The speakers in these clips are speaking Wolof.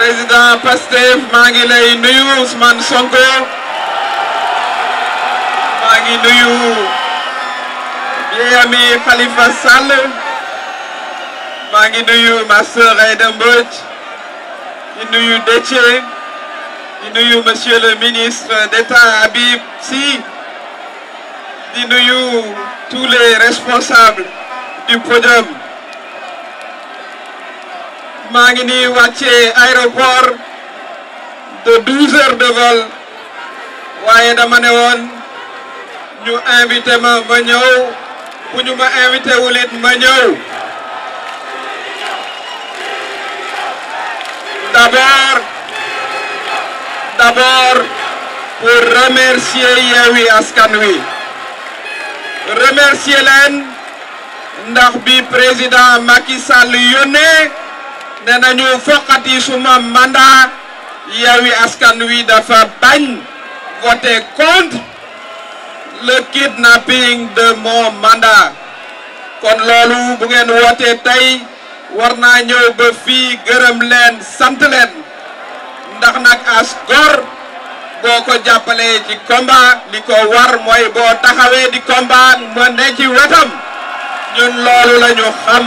président Pastef maa Nuiou, lay Ousmane Sonko maa Nuiou, nuyu ami Khalifa Sall maa Nuiou, nuyu ma sœur nuyu monsieur le ministre d'État Habib Si, tous les responsables du podium maa ngi nii wàccee aéroport de douze de vol waaye dama ne woon ñu invité ma ma ñëw bu ñu ma invité it ma ñëw d'abord d'abord pour Askan Wi remercier leen ndax bi président Macky Sall yónnee ne nañu foqati suma mandat Yewwi Askan Wi dafa bañ voter contre le kidnapping de mon mandat kon loolu bu ngeen wootee tey war naa ñëw ba fii gërëm leen sant leen ndax ci combat war mooy boo taxawee di combat ma ne ci wetam ñun loolu la xam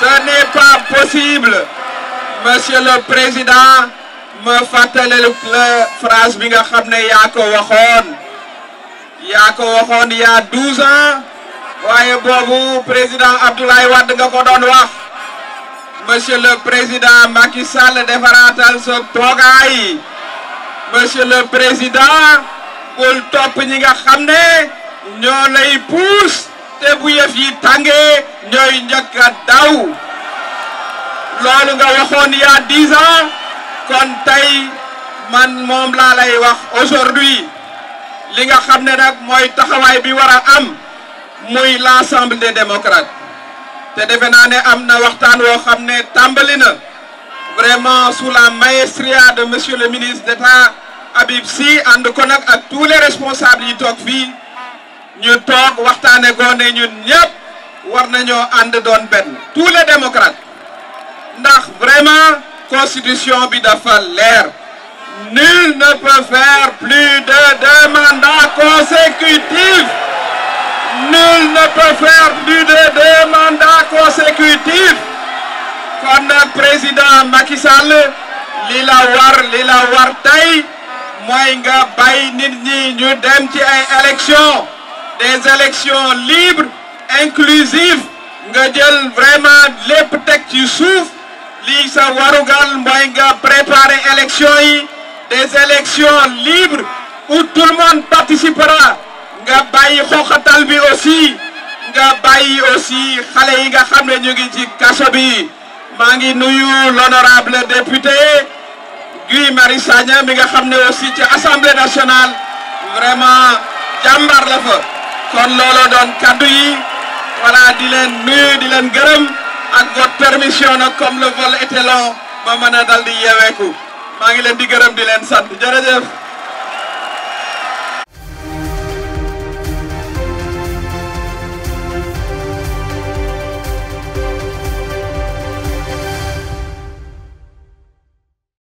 Ce n'est pas possible. Monsieur le Président, Me fais la phrase bi nga xam il y a 12 ans que vous, président Abdoulaye Wade nga monsieur le président Macky Sall defaraatal sa monsieur le président bul topp ñi nga xam ne waxte fi tangé ñoy tàngee a daw loolu nga waxone ya 10 ans kon tay man mom la lay wax aujourd'hui li nga xamné nak moy taxaway bi wara am moy l'ensemble des démocrates Té defe am na waxtaan woo xam ne vraiment sous la maestria de monsieur le ministre d'État Habib Sy and ko ak tous les responsables yi tok fi nous parlons nous tous les démocrates ndax vraiment constitution bi nul ne peut faire plus de deux mandats consécutifs nul ne peut faire plus de deux mandats consécutifs Quand le président Macky Sall li war li war des élections libres inclusives nga jël vraiment lépp teg ci suuf lii sa warugal mooy nga préparer élections yi des élections libres où tout le monde participera nga bàyyi xoxatal bi aussi nga bàyyi aussi xale yi nga xam ne ñu ngi ci kaso bi maa ngi nuyu l'honorable député Guy Marius Sagna mi nga xam aussi ci assemblée nationale vraiment jàmbaar la fa kon looloo doon kaddu yi voilà di leen nuyu di leen gërëm ak votre permission nag comme le vol était long ba mën a dal di yeweeku maa ngi leen di gërëm di leen sant jërëjëf.